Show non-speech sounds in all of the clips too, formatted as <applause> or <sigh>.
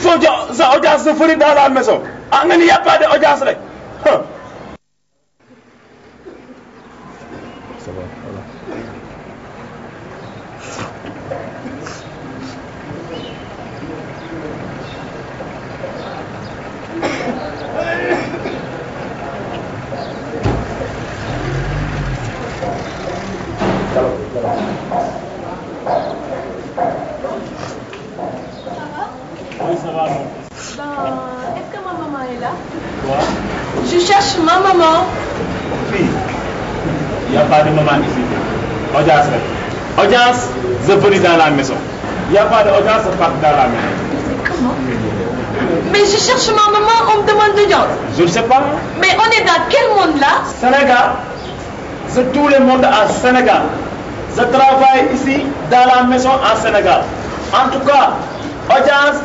faut sa audience se ferait dans la maison ah nga ni y a pas d'audience rek Ben, est-ce que ma maman est là Quoi Je cherche ma maman. Oui. il n'y a pas de maman ici. Audience, Audience, je venais dans la maison. Il n'y a pas d'audience, je dans la maison. Comment mais je cherche ma maman, on me demande d'audience. Je ne sais pas. Mais on est dans quel monde là Sénégal. C'est tout le monde à Sénégal. Je travaille ici dans la maison en Sénégal. En tout cas, audience,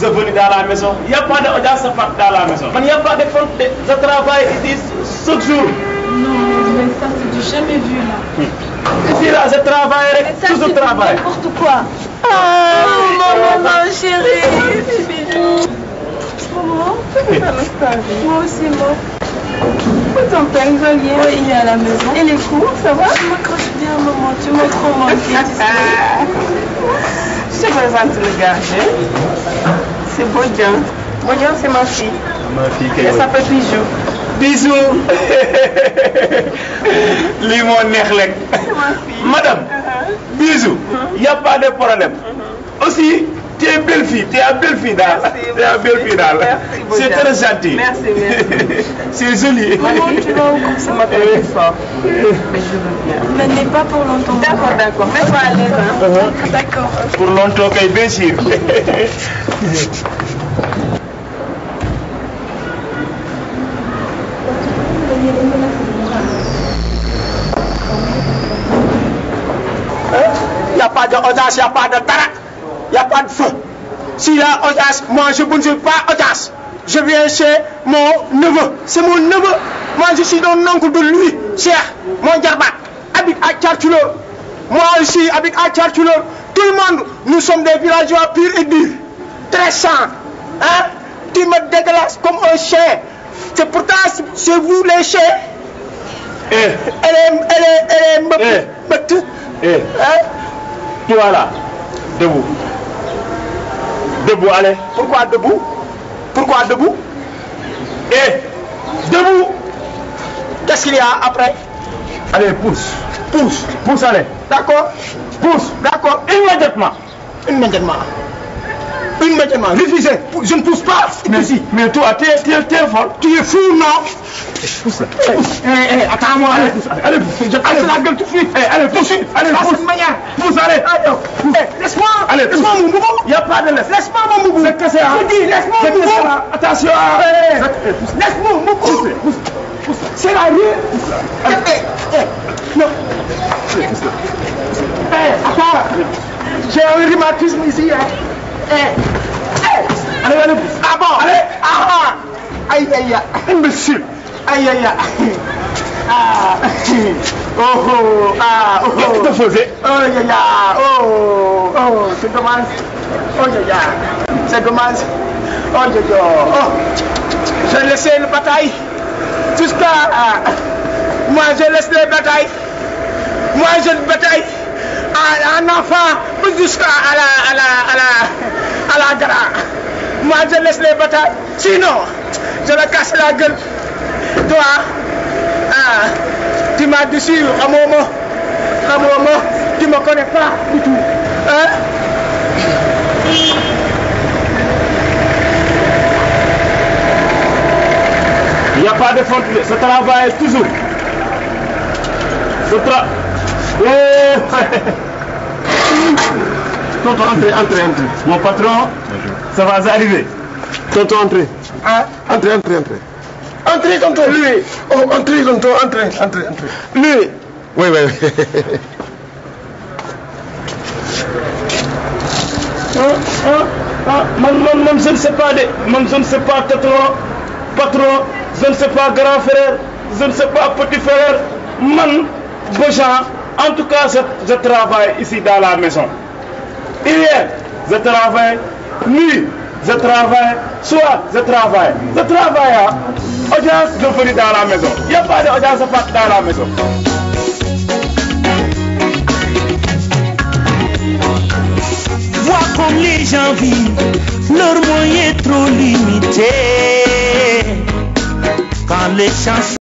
je venu dans la maison. Il n'y a pas d'audience dans la maison. Mais Il n'y a pas de compte Je travaille ici chaque jour. Non, mais ça, c'est du jamais vu là. Hum. Ici là, je travaille, toujours ça, tout je travaille. N'importe quoi. Ah, ah maman, maman, chérie. Maman, Maman, tu peux Moi aussi, moi. Ton père, il va il est à la maison. Et les cours, ça va Je m'accroche bien, maman, tu m'as trop manqué. Ah. Je te pas te le Bonjour, bonjour c'est ma fille. Ma fille, quelle Elle s'appelle Bijou. Bijou Li Ma fille. Madame, uh uh-huh. il uh-huh. y n'y a pas de problème. Uh-huh. Aussi, tu es belle fille, tu es belle fille d'Al. Tu es belle fille d'Al. C'est très gentil. Merci, merci. <laughs> C'est joli. Maman, tu vas au cours ce Je veux bien. Mais n'est pas pour longtemps. D'accord, d'accord. Mais pas à l'aise. Hein. D'accord. Pour longtemps, bien sûr. <laughs> Il n'y a pas d'audace, il n'y a pas de tarak, il n'y a pas de feu. S'il y a audace, moi je ne suis pas audace. Je viens chez mon neveu. C'est mon neveu. Moi je suis dans l'oncle de lui, cher, mon garbat, habite à Cartuleur. Moi aussi, habite à Cartuleur. Tout le monde, nous sommes des villageois purs et durs. Hein? Tu me déglaces comme un chien. C'est pourtant, sur vous les chiens. Eh. Elle est, elle est, elle est, eh. eh. hein? Tu là, debout. Debout, allez. Pourquoi debout Pourquoi debout Eh, debout. Qu'est-ce qu'il y a après Allez, pousse. Pousse. Pousse, allez. D'accord Pousse. D'accord. Immédiatement. Immédiatement. Je ne pousse pas. si Mais toi, Tu es fou, non eh, eh, eh, attends-moi. Allez, Allez, allez. Laisse-moi. laisse-moi Il n'y a pas de laisse. Laisse-moi mon Attention. Hein. Laisse-moi C'est la rue. attends. J'ai un rhumatisme ici. Hein. Allez, allez, ah bon, allez, ah Aïe, aïe, aïe. Imbécile. Aïe, aïe, aïe. Ah, oh, oh, ah, oh. oh. Qu'est-ce que tu faisais Oh, ya, oh, oh, c'est dommage. Oh, ya, ya, c'est dommage. Oh, oh. J'ai laissé une bataille jusqu'à. Ah. moi, je laisse les bataille Moi, je bataille un enfant jusqu'à à la, à la, à la, à la gare. Moi, je laisse les batailles. Sinon, je le casse la gueule. Toi, ah, tu m'as déçu à mon moment. À moment, tu ne me connais pas du tout. Hein? Il n'y a pas de frontière Ce travail toujours. Ce Oh. Tonton, entrez, entrez, entrez. Mon patron, ça va arriver. Tonton, entrez. Ah. Entrez, entrez, entrez. Entrez, tonton, lui. Oh, entrez, tonton, entrez, entrez, entrez. Lui. Oui, oui, oui. Ah, ah, ah. Même, je ne sais pas, même, je ne sais pas, patron, patron, je ne sais pas, grand frère, je ne sais pas, petit frère, man, en tout cas, je, travaille ici dans la maison. Hier, je travaille, nuit, je travaille, soir, je travaille. Je travaille à audience de venir dans la maison. Il n'y a pas d'audience dans la maison. Vois comme les gens vivent, leur moyen est trop limité. Quand les chances